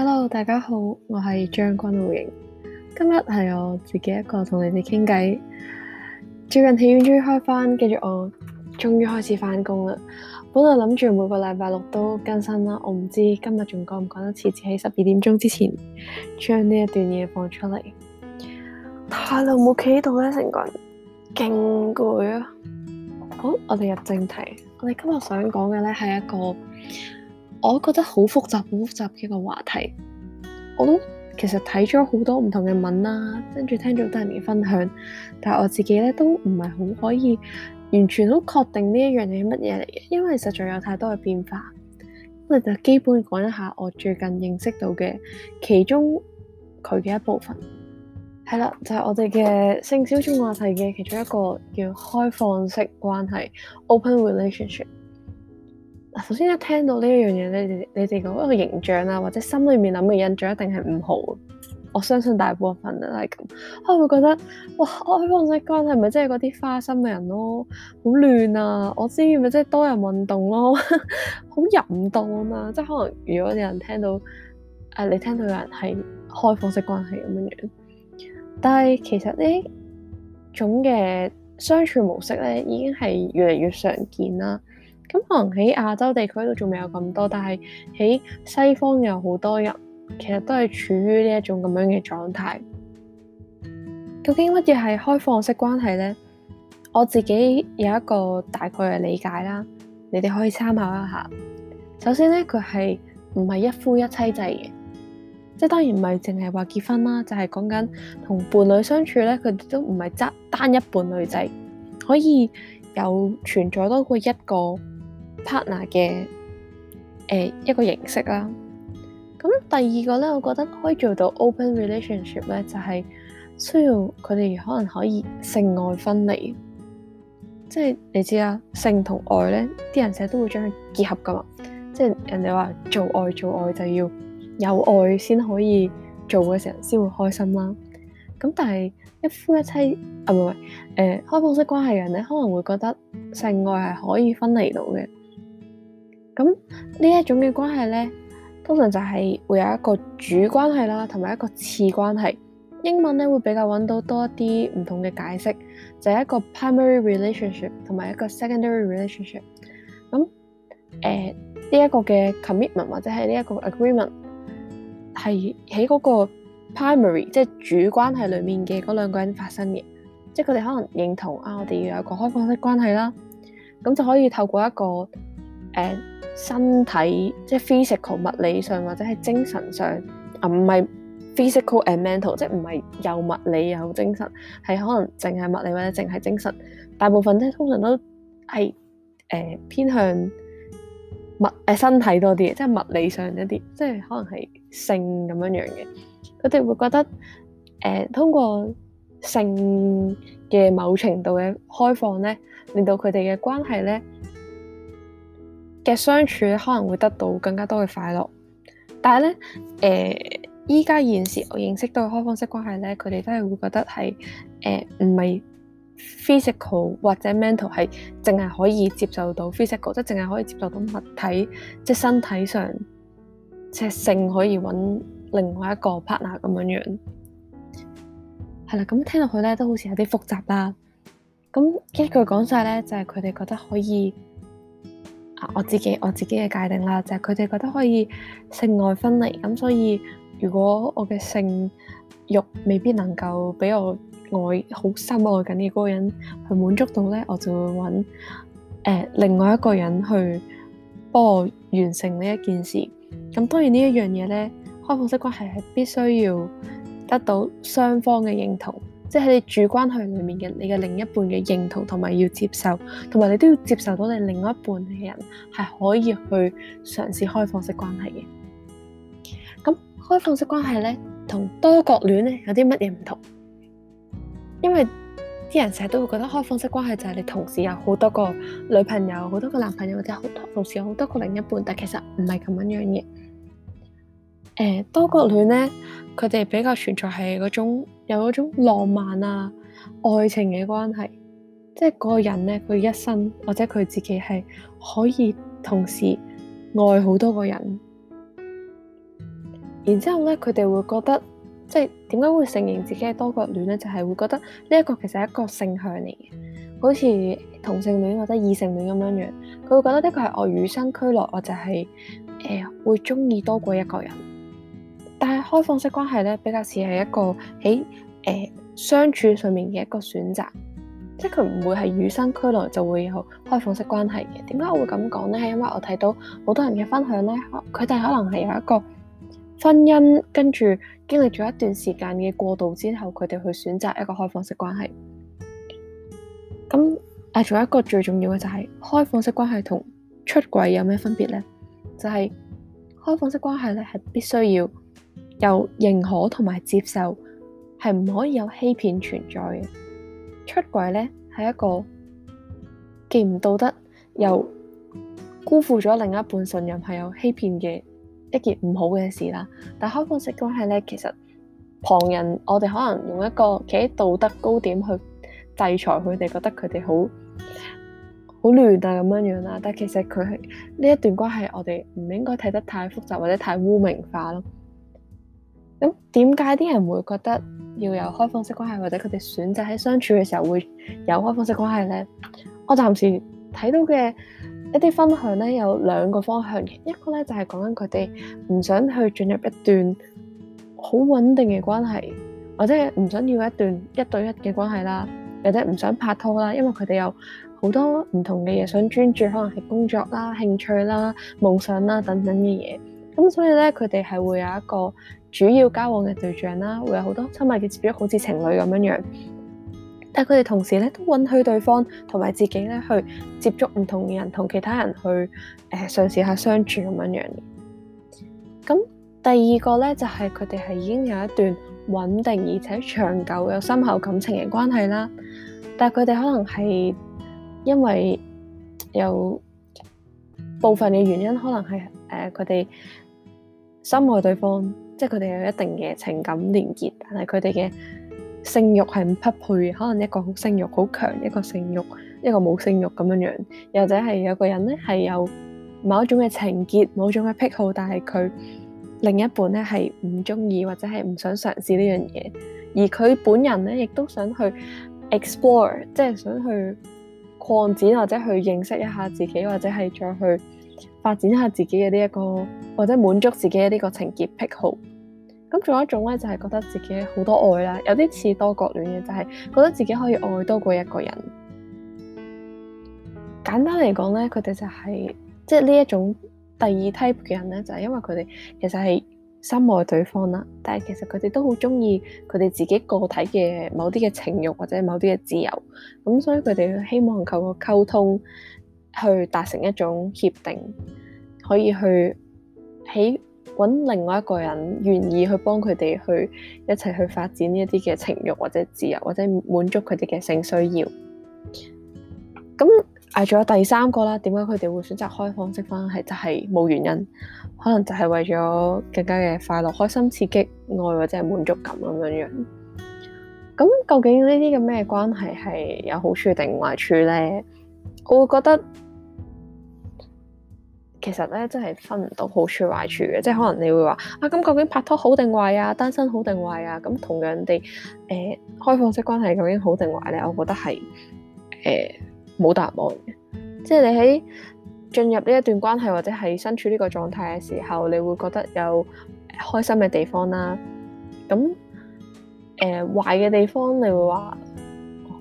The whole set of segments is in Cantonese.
Hello，大家好，我係將軍澳瑩，今日係我自己一個同你哋傾偈。最近戲院終於開翻，跟住我終於開始翻工啦。本來諗住每個禮拜六都更新啦，我唔知今日仲趕唔趕得切，次喺十二點鐘之前將呢一段嘢放出嚟。太耐冇企喺度啦，成個人勁攰啊！好，我哋入正題，我哋今日想講嘅咧係一個。我覺得好複雜，好複雜嘅一個話題。我都其實睇咗好多唔同嘅文啦，跟住聽咗好多人嘅分享，但係我自己咧都唔係好可以完全好確定呢一樣嘢係乜嘢嚟嘅，因為實在有太多嘅變化。咁我就基本講一下我最近認識到嘅其中佢嘅一部分。係啦，就係、是、我哋嘅性小眾話題嘅其中一個叫開放式關係 （open relationship）。首先一聽到呢一樣嘢咧，你哋講一個形象啊，或者心裏面諗嘅印象一定係唔好。我相信大部分人都係咁，可能會覺得哇，開放式關係咪即係嗰啲花心嘅人咯，好亂啊！我知咪即係多人運動咯，好淫蕩啊嘛！即係可能如果有人聽到誒、啊，你聽到有人係開放式關係咁樣樣，但係其實呢種嘅相處模式咧，已經係越嚟越常見啦。咁可能喺亞洲地區都仲未有咁多，但係喺西方有好多人，其實都係處於呢一種咁樣嘅狀態。究竟乜嘢係開放式關係呢？我自己有一個大概嘅理解啦，你哋可以參考一下。首先咧，佢係唔係一夫一妻制嘅，即係當然唔係淨係話結婚啦，就係講緊同伴侶相處咧，佢都唔係執單一伴侶制，可以有存在多過一個 partner 嘅誒、呃、一個形式啦。咁第二個咧，我覺得可以做到 open relationship 咧，就係、是、需要佢哋可能可以性愛分離，即係你知啊，性同愛咧，啲人成日都會將佢結合噶嘛。即係人哋話做愛做愛就要有愛先可以做嘅時候先會開心啦。咁但係一夫一妻啊，唔係誒開放式關係嘅人咧，可能會覺得性愛係可以分離到嘅。咁呢一種嘅關係咧，通常就係會有一個主關係啦，同埋一個次關係。英文咧，會比較搵到多一啲唔同嘅解釋，就係一個 primary relationship 同埋一個 secondary relationship。咁誒呢一個嘅 commitment 或者係呢一個 agreement 係喺嗰個 primary 即係主關係裏面嘅嗰兩個人發生嘅，即係佢哋可能認同啊，我哋要有一個開放式關係啦，咁就可以透過一個。誒，身體即係 physical 物理上或者係精神上啊，唔係 physical and mental，即係唔係又物理又精神，係可能淨係物理或者淨係精神。大部分咧通常都係誒、呃、偏向物誒身體多啲，即係物理上一啲，即係可能係性咁樣樣嘅。佢哋會覺得誒、呃，通過性嘅某程度嘅開放咧，令到佢哋嘅關係咧。嘅相處可能會得到更加多嘅快樂。但係咧，誒依家現時我認識到嘅開放式關係咧，佢哋都係會覺得係誒唔係，呃，係 physical 或者 mental 係淨係可以接受到 physical，即係淨係可以接受到物體即係身體上即係性可以揾另外一個 partner 咁樣樣係啦。咁聽落去咧都好似有啲複雜啦。咁一句講晒咧，就係佢哋覺得可以。我自己我自己嘅界定啦，就係佢哋覺得可以性愛分離咁，所以如果我嘅性慾未必能夠俾我愛好深愛緊嘅嗰個人去滿足到咧，我就會揾、誒、呃、另外一個人去幫我完成呢一件事。咁當然呢一樣嘢咧，開放式關係係必須要得到雙方嘅認同。即係你主關係裏面嘅你嘅另一半嘅認同同埋要接受，同埋你都要接受到你另一半嘅人係可以去嘗試開放式關係嘅。咁開放式關係咧，同多角戀咧有啲乜嘢唔同？因為啲人成日都會覺得開放式關係就係你同時有好多個女朋友，好多個男朋友或者好同時有好多個另一半，但其實唔係咁樣樣嘅。誒、呃，多角戀咧，佢哋比較存在係嗰種。有嗰種浪漫啊、愛情嘅關係，即係嗰個人咧，佢一生或者佢自己係可以同時愛好多個人。然之後咧，佢哋會覺得，即係點解會承認自己係多角戀咧？就係會覺得呢一個其實係一個性向嚟嘅，好似同性戀或者異性戀咁樣樣。佢會覺得呢個係我與生俱來，我就係誒會中意多過一個人。但係開放式關係咧，比較似係一個喺誒、呃、相處上面嘅一個選擇，即係佢唔會係與生俱來就會有開放式關係嘅。點解我會咁講咧？係因為我睇到好多人嘅分享咧，佢哋可能係有一個婚姻跟住經歷咗一段時間嘅過渡之後，佢哋去選擇一個開放式關係。咁誒，仲有一個最重要嘅就係、是、開放式關係同出軌有咩分別咧？就係、是、開放式關係咧係必須要。有認可同埋接受，係唔可以有欺騙存在嘅。出軌咧，係一個既唔道德又辜負咗另一半信任，係有欺騙嘅一件唔好嘅事啦。但開放式關係咧，其實旁人我哋可能用一個企喺道德高點去制裁佢哋，覺得佢哋好好亂啊咁樣樣啦。但其實佢呢一段關係，我哋唔應該睇得太複雜或者太污名化咯。咁點解啲人會覺得要有開放式關係，或者佢哋選擇喺相處嘅時候會有開放式關係呢？我暫時睇到嘅一啲分享呢，有兩個方向嘅一個呢，就係講緊佢哋唔想去進入一段好穩定嘅關係，或者唔想要一段一對一嘅關係啦，或者唔想拍拖啦，因為佢哋有好多唔同嘅嘢想專注，可能係工作啦、興趣啦、夢想啦等等嘅嘢。咁所以呢，佢哋係會有一個主要交往嘅對象啦，會有好多親密嘅接觸，好似情侶咁樣樣。但佢哋同時咧都允許對方同埋自己咧去接觸唔同嘅人，同其他人去誒嘗試下相處咁樣樣。咁、嗯、第二個咧就係佢哋係已經有一段穩定而且長久有深厚感情嘅關係啦。但佢哋可能係因為有部分嘅原因，可能係誒佢哋深愛對方。即係佢哋有一定嘅情感連結，但係佢哋嘅性欲係唔匹配，可能一個性欲好強，一個性欲一個冇性欲咁樣樣，又或者係有個人咧係有某一種嘅情結、某種嘅癖好，但係佢另一半咧係唔中意或者係唔想嘗試呢樣嘢，而佢本人咧亦都想去 explore，即係想去擴展或者去認識一下自己，或者係再去。發展下自己嘅呢一個，或者滿足自己嘅呢個情結癖好。咁仲有一種咧，就係、是、覺得自己好多愛啦，有啲似多角戀嘅，就係、是、覺得自己可以愛多過一個人。簡單嚟講咧，佢哋就係即係呢一種第二 type 嘅人咧，就係、是、因為佢哋其實係深愛對方啦，但係其實佢哋都好中意佢哋自己個體嘅某啲嘅情欲或者某啲嘅自由。咁所以佢哋希望透過溝通。去達成一種協定，可以去喺搵另外一個人願意去幫佢哋去一齊去發展呢一啲嘅情欲或者自由或者滿足佢哋嘅性需要。咁啊，仲有第三個啦，點解佢哋會選擇開放式關係就係冇原因，可能就係為咗更加嘅快樂、開心、刺激愛或者係滿足感咁樣樣。咁究竟呢啲咁咩關係係有好處定壞處咧？我會覺得。其實咧，真係分唔到好處壞處嘅。即係可能你會話啊，咁究竟拍拖好定壞啊，單身好定壞啊？咁同樣地，誒、呃，開放式關係究竟好定壞咧？我覺得係誒冇答案嘅，即係你喺進入呢一段關係或者係身處呢個狀態嘅時候，你會覺得有開心嘅地方啦、啊，咁誒、呃、壞嘅地方你會話。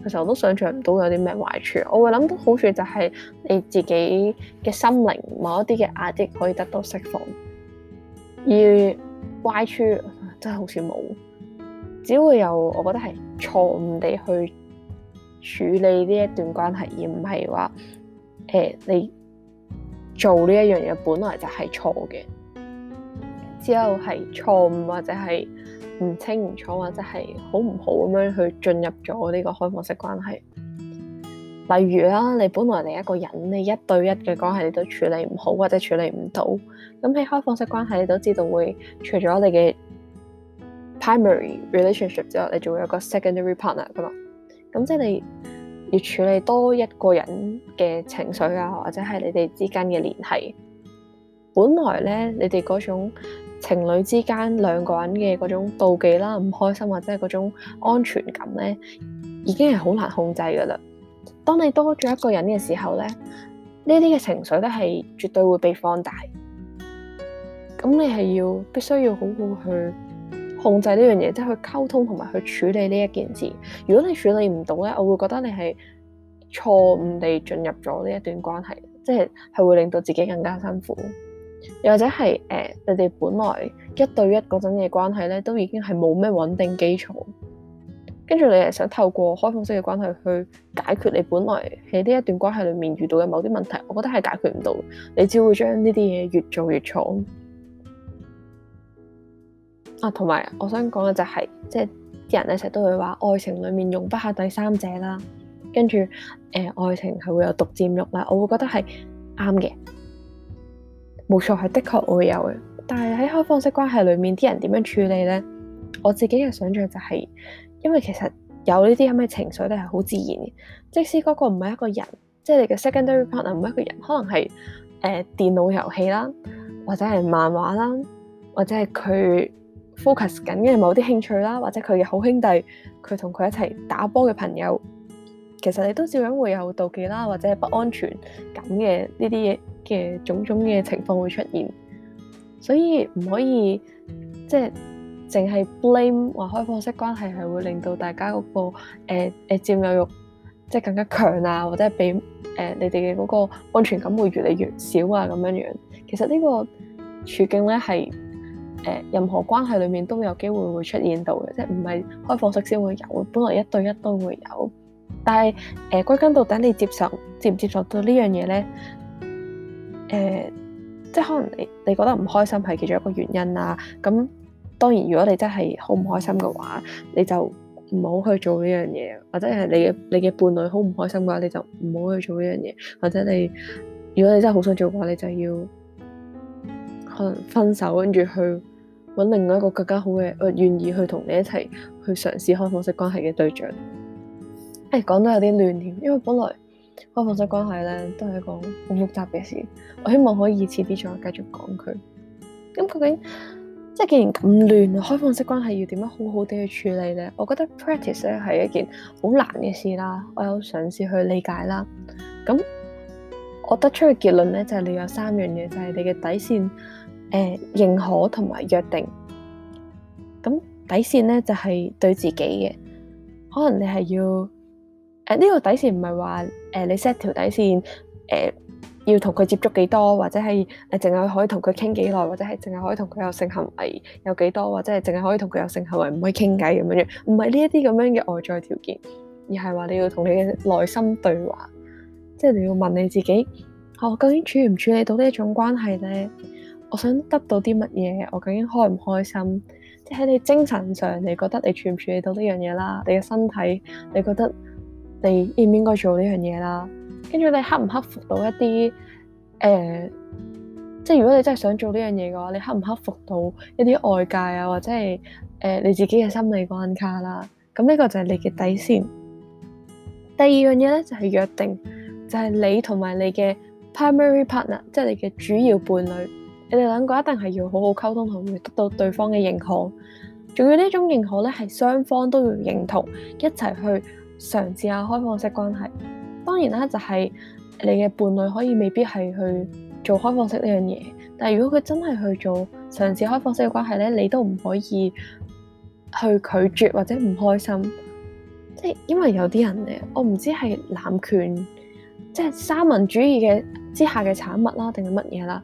其實我都想象唔到有啲咩壞處，我會諗到好處就係你自己嘅心靈某一啲嘅壓抑可以得到釋放，而壞處真係好似冇，只會有我覺得係錯誤地去處理呢一段關係，而唔係話誒、呃、你做呢一樣嘢本來就係錯嘅，之後係錯誤或者係。唔清唔楚或者係好唔好咁樣去進入咗呢個開放式關係。例如啦，啊，你本來你一個人，你一對一嘅關係你都處理唔好或者處理唔到，咁喺開放式關係你都知道會除咗你嘅 primary relationship 之外，你仲會有個 secondary partner 噶嘛。咁即係你要處理多一個人嘅情緒啊，或者係你哋之間嘅聯繫。本來咧，你哋嗰種。情侶之間兩個人嘅嗰種妒忌啦、唔開心或者係嗰種安全感呢，已經係好難控制噶啦。當你多咗一個人嘅時候呢，呢啲嘅情緒呢係絕對會被放大。咁你係要必須要好好去控制呢樣嘢，即係去溝通同埋去處理呢一件事。如果你處理唔到呢，我會覺得你係錯誤地進入咗呢一段關係，即係係會令到自己更加辛苦。又或者係誒、呃，你哋本來一對一嗰陣嘅關係咧，都已經係冇咩穩定基礎，跟住你係想透過開放式嘅關係去解決你本來喺呢一段關係裏面遇到嘅某啲問題，我覺得係解決唔到，你只會將呢啲嘢越做越錯。啊，同埋我想講嘅就係，即係啲人咧成日都會話愛情裏面容不下第三者啦，跟住誒愛情係會有獨佔慾啦，我會覺得係啱嘅。冇錯，係的確會有嘅。但係喺開放式關係裏面，啲人點樣處理呢？我自己嘅想像就係、是，因為其實有呢啲咁嘅情緒咧，係好自然嘅。即使嗰個唔係一個人，即係你嘅 secondary partner 唔係一個人，可能係誒、呃、電腦遊戲啦，或者係漫畫啦，或者係佢 focus 緊嘅某啲興趣啦，或者佢嘅好兄弟，佢同佢一齊打波嘅朋友，其實你都照樣會有妒忌啦，或者係不安全咁嘅呢啲嘢。嘅種種嘅情況會出現，所以唔可以即係淨係 blame 話開放式關係係會令到大家嗰個誒誒佔有慾，即係更加強啊，或者係俾誒你哋嘅嗰個安全感會越嚟越少啊，咁樣樣。其實呢個處境咧係誒任何關係裏面都有機會會出現到嘅，即係唔係開放式先會有，本來一對一都會有。但係誒歸根到底，你接受接唔接受到呢樣嘢咧？誒、呃，即係可能你你覺得唔開心係其中一個原因啦。咁當然，如果你真係好唔開心嘅話，你就唔好去做呢樣嘢。或者係你嘅你嘅伴侶好唔開心嘅話，你就唔好去做呢樣嘢。或者你，如果你真係好想做嘅話，你就要可能分手，跟住去搵另外一個更加好嘅，我、呃、願意去同你一齊去嘗試開放式關係嘅對象。誒、哎，講得有啲亂添，因為本來。開放式關係咧，都係一個好複雜嘅事，我希望可以遲啲再繼續講佢。咁、嗯、究竟即係既然咁亂啊，開放式關係要點樣好好地去處理咧？我覺得 practice 咧係一件好難嘅事啦。我有嘗試去理解啦。咁我得出嘅結論咧就係、是、你有三樣嘢，就係、是、你嘅底線、誒、呃、認可同埋約定。咁底線咧就係、是、對自己嘅，可能你係要。誒呢個底線唔係話誒你 set 條底線誒、呃，要同佢接觸幾多，或者係誒淨係可以同佢傾幾耐，或者係淨係可以同佢有性行為有幾多，或者係淨係可以同佢有性行為唔可以傾偈咁樣樣，唔係呢一啲咁樣嘅外在條件，而係話你要同你嘅內心對話，即係你要問你自己，我、哦、究竟處唔處理到呢一種關係咧？我想得到啲乜嘢？我究竟開唔開心？即係喺你精神上，你覺得你處唔處理到呢樣嘢啦？你嘅身體，你覺得？你應唔應該做呢樣嘢啦？跟住你克唔克服到一啲誒、呃，即係如果你真係想做呢樣嘢嘅話，你克唔克服到一啲外界啊，或者係誒、呃、你自己嘅心理關卡啦？咁、嗯、呢、這個就係你嘅底線。第二樣嘢咧就係、是、約定，就係、是、你同埋你嘅 primary partner，即係你嘅主要伴侶。你哋兩個一定係要好好溝通，同埋得到對方嘅認可。仲要呢種認可咧，係雙方都要認同，一齊去。嘗試下開放式關係，當然啦，就係你嘅伴侶可以未必係去做開放式呢樣嘢，但係如果佢真係去做嘗試開放式嘅關係咧，你都唔可以去拒絕或者唔開心，即係因為有啲人咧，我唔知係男權即係三民主義嘅之下嘅產物啦，定係乜嘢啦？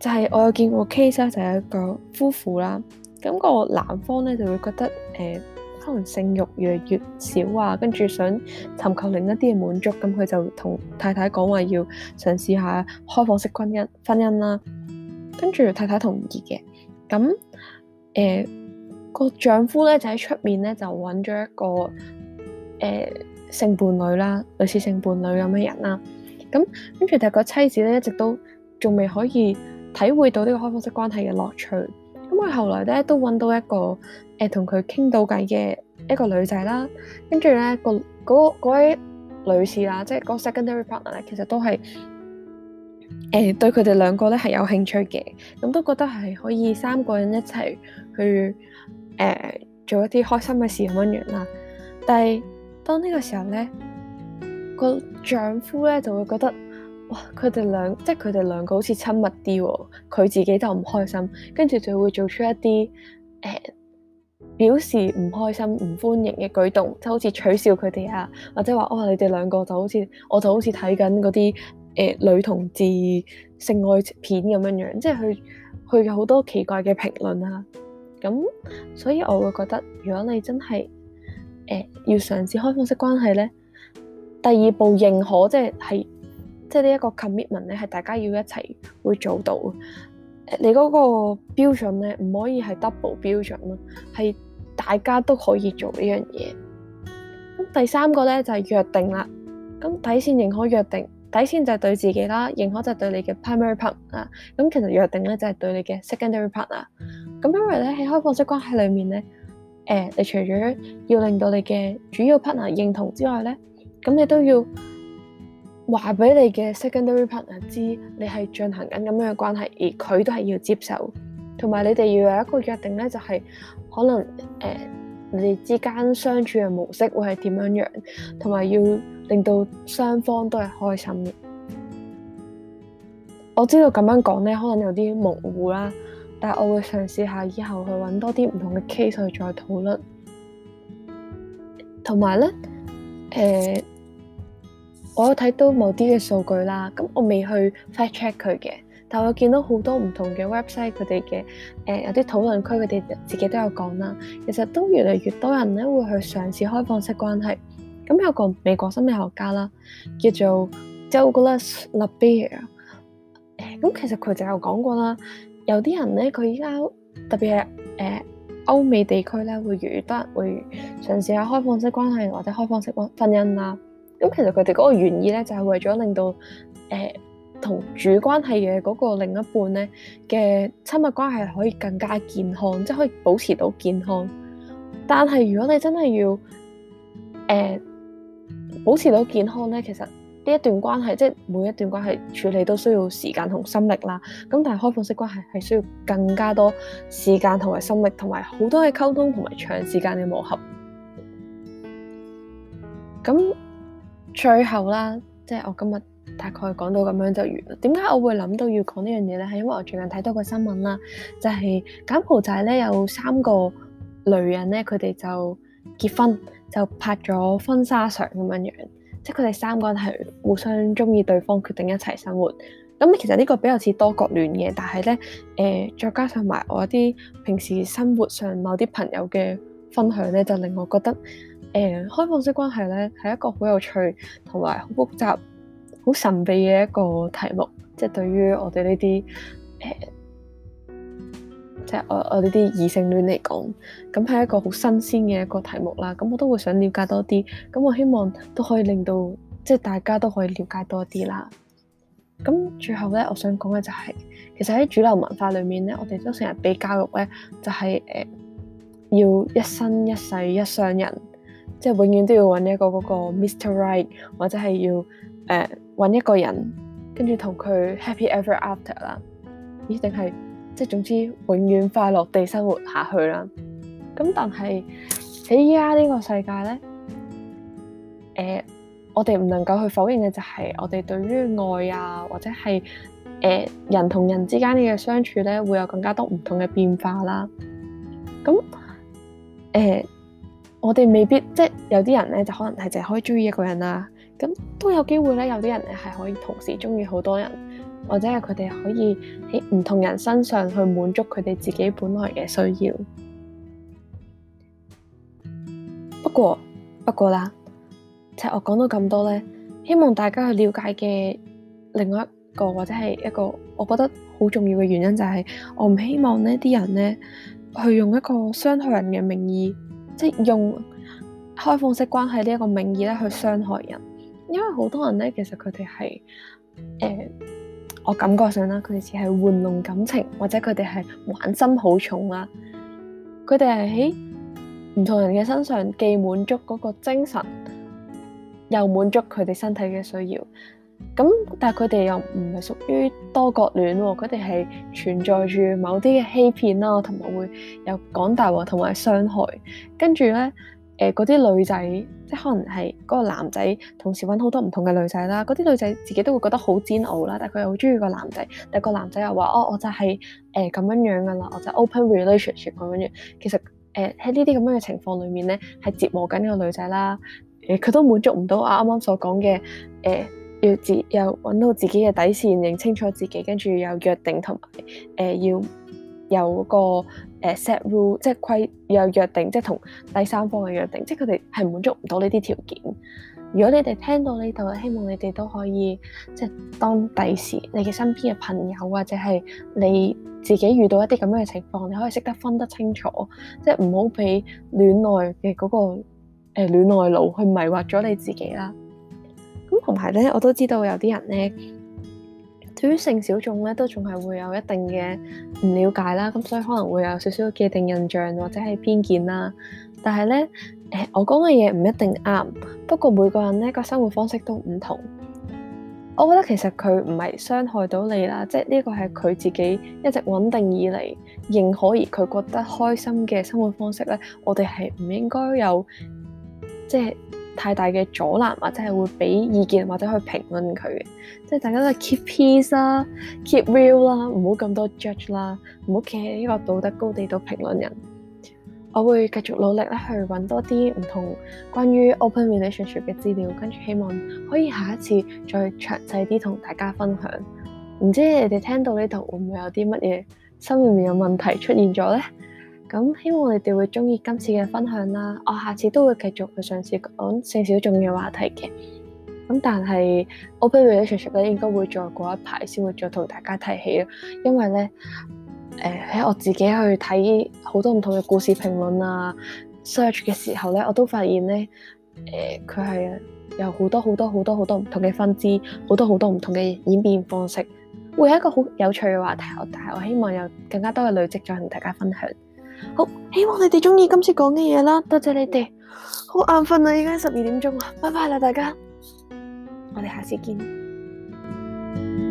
就係我有見過 case 啦，就係一個夫婦啦，咁個男方咧就會覺得誒。呃可能性慾越嚟越少啊，跟住想尋求另一啲嘅滿足，咁佢就同太太講話要嘗試下開放式婚姻婚姻啦，跟住太太同意嘅，咁誒、呃個丈夫咧就喺出面咧就揾咗一個誒、呃、性伴侶啦，類似性伴侶咁嘅人啦，咁跟住但個妻子咧一直都仲未可以體會到呢個開放式關係嘅樂趣。咁佢、嗯、後來咧都揾到一個誒同佢傾到偈嘅一個女仔啦，跟住咧個嗰位、那個、女士啦，即係個 secondary partner 咧，其實都係誒、呃、對佢哋兩個咧係有興趣嘅，咁、嗯、都覺得係可以三個人一齊去誒、呃、做一啲開心嘅事咁樣樣啦。但係當呢個時候咧，個丈夫咧就會覺得。哇佢哋兩，即係佢哋兩個好似親密啲、哦，佢自己就唔開心，跟住就會做出一啲誒、呃、表示唔開心、唔歡迎嘅舉動，即好似取笑佢哋啊，或者話哦你哋兩個就好似我就好似睇緊嗰啲誒女同志性愛片咁樣樣，即係去去有好多奇怪嘅評論啊。咁所以我會覺得，如果你真係誒、呃、要嘗試開放式關係咧，第二步認可即係係。即係呢一個 commitment 咧，係大家要一齊會做到嘅。你嗰個標準咧，唔可以係 double 標準啦，係大家都可以做呢樣嘢。咁第三個咧就係約定啦。咁底綫認可約定，底綫就係對自己啦，認可就係對你嘅 primary partner。咁其實約定咧就係對你嘅 secondary partner。咁因為咧喺開放式關係裏面咧，誒，你除咗要令到你嘅主要 partner 認同之外咧，咁你都要。話俾你嘅 secondary partner 知，你係進行緊咁樣嘅關係，而佢都係要接受，同埋你哋要有一個約定咧，就係、是、可能誒、呃，你哋之間相處嘅模式會係點樣樣，同埋要令到雙方都係開心嘅。我知道咁樣講咧，可能有啲模糊啦，但係我會嘗試下以後去搵多啲唔同嘅 case 去再討論，同埋咧，誒、呃。我有睇到某啲嘅數據啦，咁我未去 fact check 佢嘅，但係我見到好多唔同嘅 website 佢哋嘅，誒、呃、有啲討論區佢哋自己都有講啦，其實都越嚟越多人咧會去嘗試開放式關係。咁有個美國心理學家啦，叫做 Joelus Labier，誒、呃、咁其實佢就有講過啦，有啲人咧佢依家特別係誒歐美地區咧會越嚟越多人會嘗試下開放式關係或者開放式婚婚姻啦。咁其實佢哋嗰個原意咧，就係為咗令到誒同主關係嘅嗰個另一半咧嘅親密關係可以更加健康，即係可以保持到健康。但係如果你真係要誒保持到健康咧，其實呢一段關係，即係每一段關係處理都需要時間同心力啦。咁但係開放式關係係需要更加多時間同埋心力，同埋好多嘅溝通同埋長時間嘅磨合。咁最後啦，即係我今日大概講到咁樣就完啦。點解我會諗到要講呢樣嘢呢？係因為我最近睇到個新聞啦，就係、是、柬埔寨咧有三個女人咧，佢哋就結婚，就拍咗婚紗相咁樣樣。即係佢哋三個人係互相中意對方，決定一齊生活。咁其實呢個比較似多角戀嘅，但係呢，誒、呃，再加上埋我啲平時生活上某啲朋友嘅分享呢，就令我覺得。誒、呃、開放式關係咧，係一個好有趣同埋好複雜、好神秘嘅一個題目。即係對於我哋呢啲誒，即係我我呢啲異性戀嚟講，咁係一個好新鮮嘅一個題目啦。咁我都會想了解多啲。咁我希望都可以令到即係大家都可以了解多啲啦。咁最後咧，我想講嘅就係、是，其實喺主流文化裏面咧，我哋都成日俾教育咧，就係、是、誒、呃、要一生一世一雙人。即係永遠都要揾一個嗰個 Mr. Right，或者係要誒揾、呃、一個人，跟住同佢 Happy Ever After 啦，一定係即係總之永遠快樂地生活下去啦。咁但係喺而家呢個世界咧，誒、呃，我哋唔能夠去否認嘅就係我哋對於愛啊，或者係誒、呃、人同人之間嘅相處咧，會有更加多唔同嘅變化啦。咁誒。呃我哋未必即有啲人咧，就可能係淨係可以中意一個人啦，啊。咁都有機會咧，有啲人咧係可以同時中意好多人，或者係佢哋可以喺唔同人身上去滿足佢哋自己本來嘅需要。不過不過啦，其實我講到咁多咧，希望大家去了解嘅另外一個或者係一個我覺得好重要嘅原因就係我唔希望咧，啲人呢，去用一個傷害人嘅名義。即係用開放式關係呢一個名義咧去傷害人，因為好多人咧其實佢哋係誒，我感覺上啦，佢哋只係玩弄感情，或者佢哋係玩心好重啦、啊，佢哋係喺唔同人嘅身上既滿足嗰個精神，又滿足佢哋身體嘅需要。咁但係佢哋又唔係屬於多角戀，佢哋係存在住某啲嘅欺騙啦、呃，同埋會有講大話同埋傷害。跟住咧，誒嗰啲女仔，即係可能係嗰個男仔同時搵好多唔同嘅女仔啦。嗰啲女仔自己都會覺得好煎熬啦，但係佢又好中意個男仔，但係個男仔又話哦，我就係誒咁樣樣噶啦，我就 open relationship 咁樣樣。其實誒喺呢啲咁樣嘅情況裏面咧，係折磨緊呢個女仔啦。誒、呃、佢都滿足唔到我啱啱所講嘅誒。呃要自有揾到自己嘅底線，認清楚自己，跟住有約定同埋誒要有嗰個 set、呃、rule，即係規有約定，即係同第三方嘅約定，即係佢哋係滿足唔到呢啲條件。如果你哋聽到呢度，希望你哋都可以即係當地時，你嘅身邊嘅朋友或者係你自己遇到一啲咁樣嘅情況，你可以識得分得清楚，即係唔好俾戀愛嘅嗰、嗰個誒、呃、戀愛腦去迷惑咗你自己啦。同埋咧，我都知道有啲人咧，對於性小眾咧，都仲係會有一定嘅唔了解啦。咁所以可能會有少少嘅既定印象或者係偏見啦。但係咧，呃，我講嘅嘢唔一定啱。不過每個人咧個生活方式都唔同。我覺得其實佢唔係傷害到你啦，即係呢個係佢自己一直穩定以嚟認可而佢覺得開心嘅生活方式咧，我哋係唔應該有即係。太大嘅阻攔或者係會俾意見或者去評論佢嘅，即係大家都係 keep peace 啦、啊，keep real 啦、啊，唔好咁多 judge 啦、啊，唔好企喺呢個道德高地度評論人。我會繼續努力咧去搵多啲唔同關於 open relationship 嘅資料，跟住希望可以下一次再詳細啲同大家分享。唔知你哋聽到呢度會唔會有啲乜嘢心裏面有問題出現咗咧？咁希望你哋會中意今次嘅分享啦，我下次都會繼續去嘗試講性小眾嘅話題嘅。咁但係 open relationship 咧，應該會再過一排先會再同大家提起咯。因為咧，誒、呃、喺我自己去睇好多唔同嘅故事評論啊，search 嘅時候咧，我都發現咧，誒佢係有好多好多好多好多唔同嘅分支，好多好多唔同嘅演變方式，會有一個好有趣嘅話題。但係我希望有更加多嘅累積再同大家分享。好，希望你哋鍾意今次講嘅嘢啦，多謝你哋，好眼瞓啊，而家十二點鐘啊，拜拜啦，大家，我哋下次見。